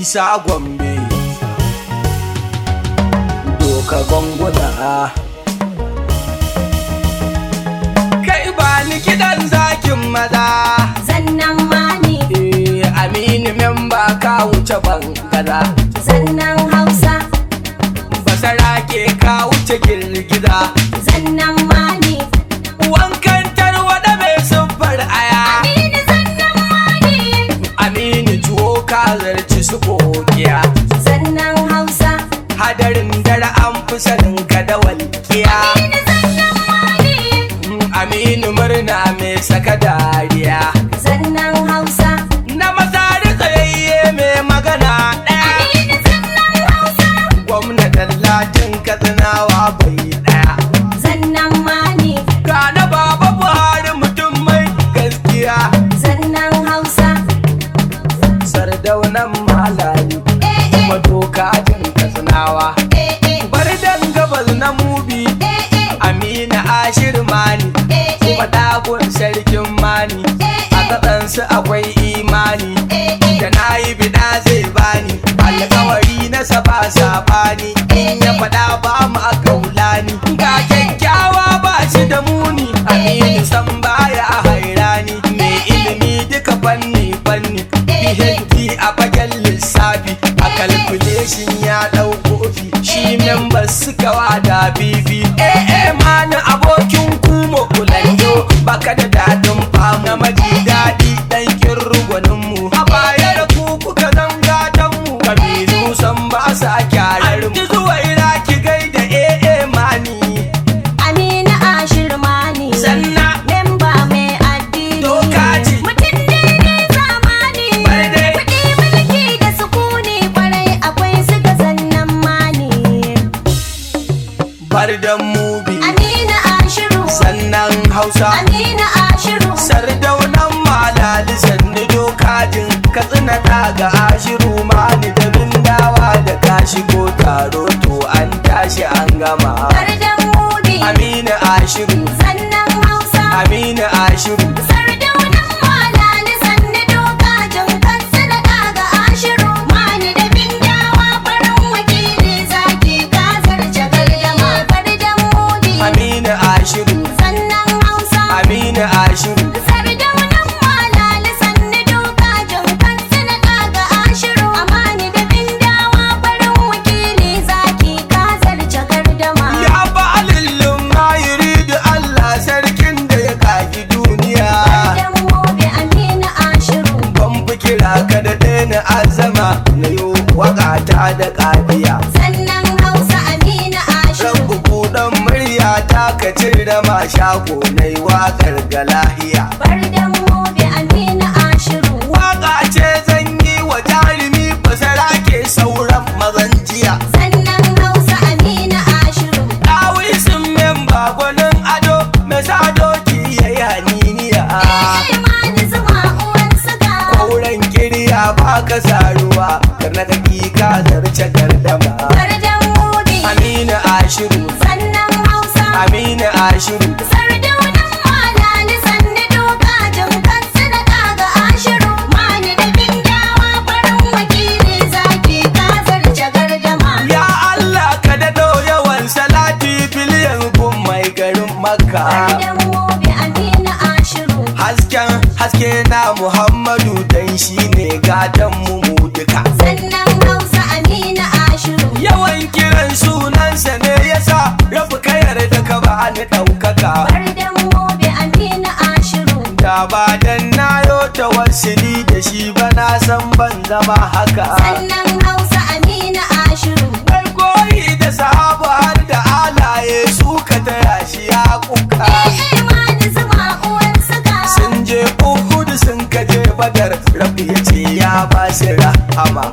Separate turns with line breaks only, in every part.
isa gombe doka gwangwada kai ba ni kidan zakin maza zannan ni eh aminu memba ka wuce bangada zannan hausa basara ke ka wuce girgiza sanin gadawal kiya aminu murna mai sakada but i yana ga ashiru mani da bindawa da ta shigo taro to an tashi an gama amina ashiru sannan hausa amina ashiru da Sannan
Hausa Amina
Ashu. Ran buku ɗan murya ta ka da ma shago na yi waƙar ga lahiya. ashirin sardaunan malali sanni doka jimkan suna kaga ashirin
mani da bindawa farin wakili zaki kazar jagar dama ya Allah
ka daɗo yawan salati biliyan gun mai garin makka hasken haske na muhammadu dan shi gadon mu sannan hausa amina ashiru yawan kiran sunansa ne yasa rabu kayar da ka ba ni shi ba na san ban zama haka sannan
hausa amina ashiru
mai koyi da sahabu har da alaye su ka taya shi ya kuka eh, eh, sun je uhudu sun kaje badar rabi ya ce ya ba shi rahama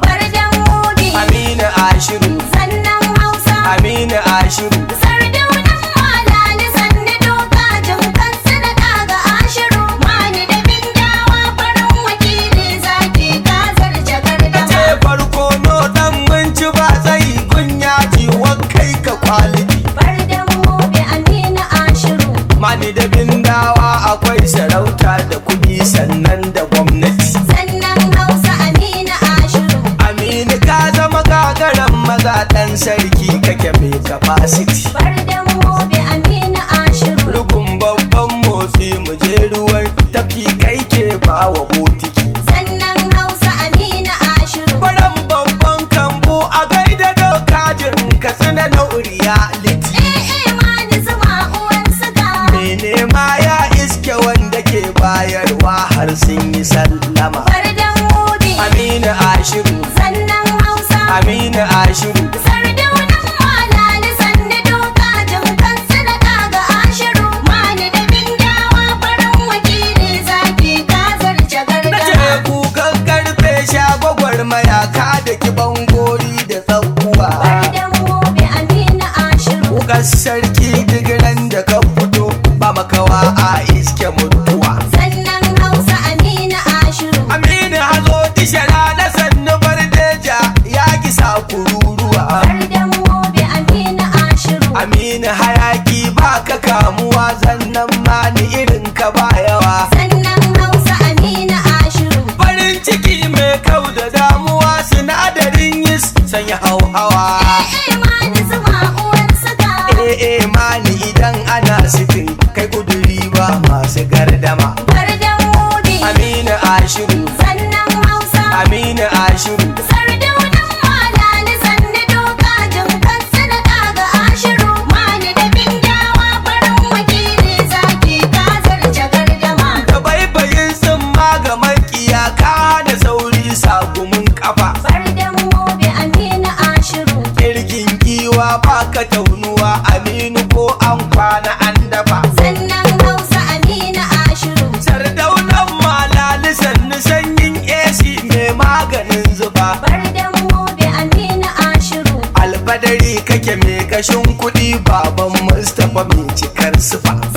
ashiru
sardunan malali sanni doka jimkan sadaka ga ashiru mani da bindawa farin wakili zaki kazar jagarda nace
kukan karfe shagwagwar mayaka da kiban gori da tsakuwa Kasar can ya hau Ee, eh, eh mani eh, eh, idan ana sifin kai kuduri ba masu gardama amina ashiru sannan hausa amina ashiru hadari kake mai kashin kuɗi baban mustapha mai cikar ba.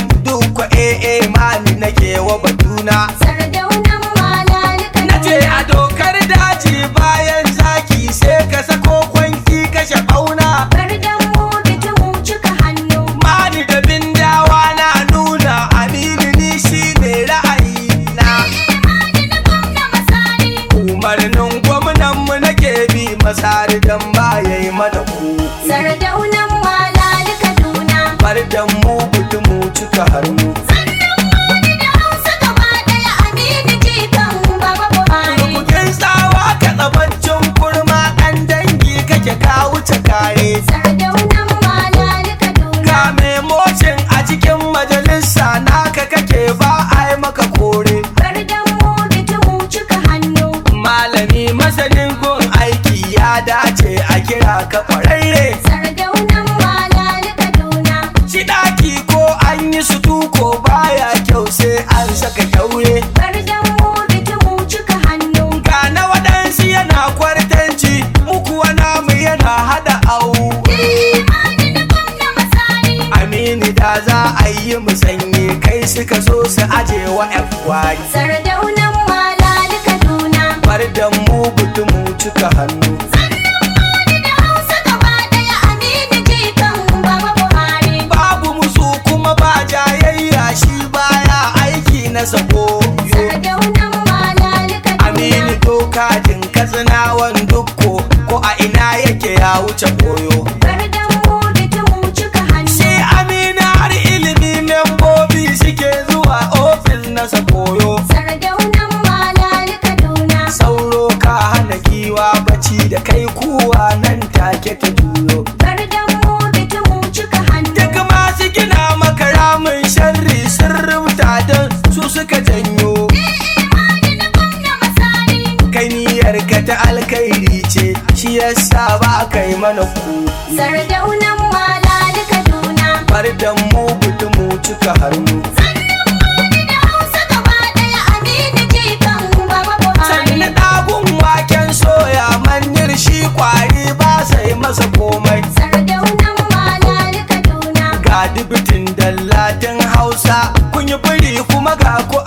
eh mami nake wa batuna. Sardaunan malalikan. Nace a dokar daji bayan kahani ka ta alkhairi ce shi yasa ba kai mana ku sardaunan
malali kaduna
fardan mu gudu mu cika hannu soya manyan shi kwari ba sai masa komai sardaunan malali kaduna ga dubitin dallatin hausa kun yi biri kuma ga ku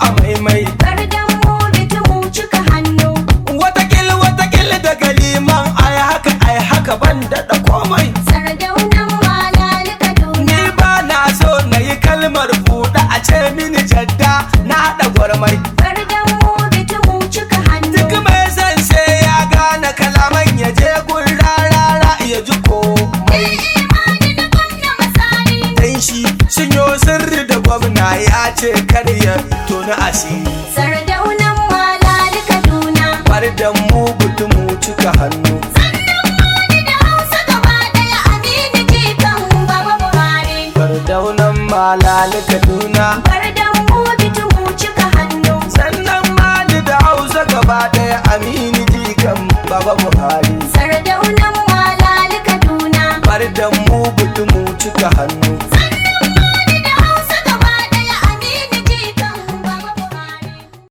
halin ka